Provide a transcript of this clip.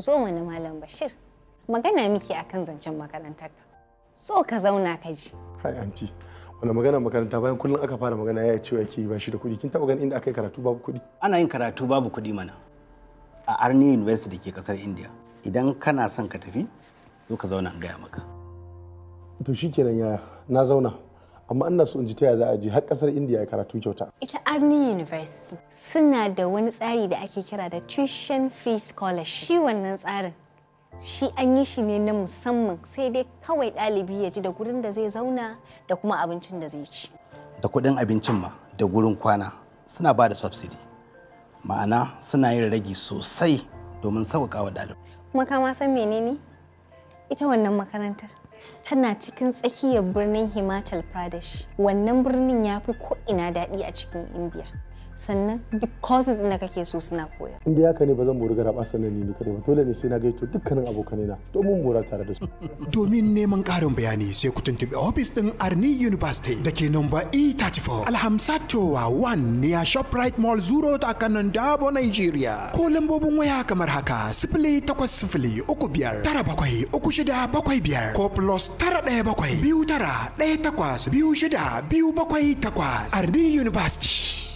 zo mana Malam Bashir. Magana miki akan zancen makarantar So ka zauna ka ji. Hai anti, wani magana makaranta bayan kullum aka fara magana ya ce yake ba shi da kuɗi. Kin taɓa ganin inda aka yi karatu babu kuɗi? Ana yin karatu babu kuɗi mana. A Arni University da ke ƙasar India. Idan kana son ka tafi, zo ka zauna in gaya maka. To shikenan yaya na zauna. amma ina so in ji taya za a je har kasar indiya ya karatu kyauta ita arni university suna da wani tsari da ake kira da tuition free scholarship shi wannan tsarin shi an yi shi ne na musamman sai dai kawai ɗalibi ya ji da gurin da zai zauna da kuma abincin da zai ci da kuɗin abincin ma da gurin kwana suna ba da subsidy ma'ana suna yin ragi sosai domin sauƙaƙa wa dalibi. kuma ka ma san menene ita wannan makarantar tana cikin tsakiyar birnin Himachal Pradesh. Wannan birnin ya fi ko'ina daɗi a cikin India. sannan duk courses da kake so suna koya. In dai haka ne ba zan mori gara ba sannan ni ne ba dole ne sai na gaito dukkanin abokanai na domin mora tare da su. Domin neman ƙarin bayani sai ku tuntuɓi ofis ɗin Arni University da ke nomba E34 Alhamsat Towa 1 near Shoprite Mall Zuro ta kanan Dabo Nigeria. Ko lambobin waya kamar haka sifili takwas sifili uku biyar tara bakwai uku shida bakwai biyar ko plus tara ɗaya bakwai biyu tara ɗaya takwas biyu shida biyu bakwai takwas Arni University.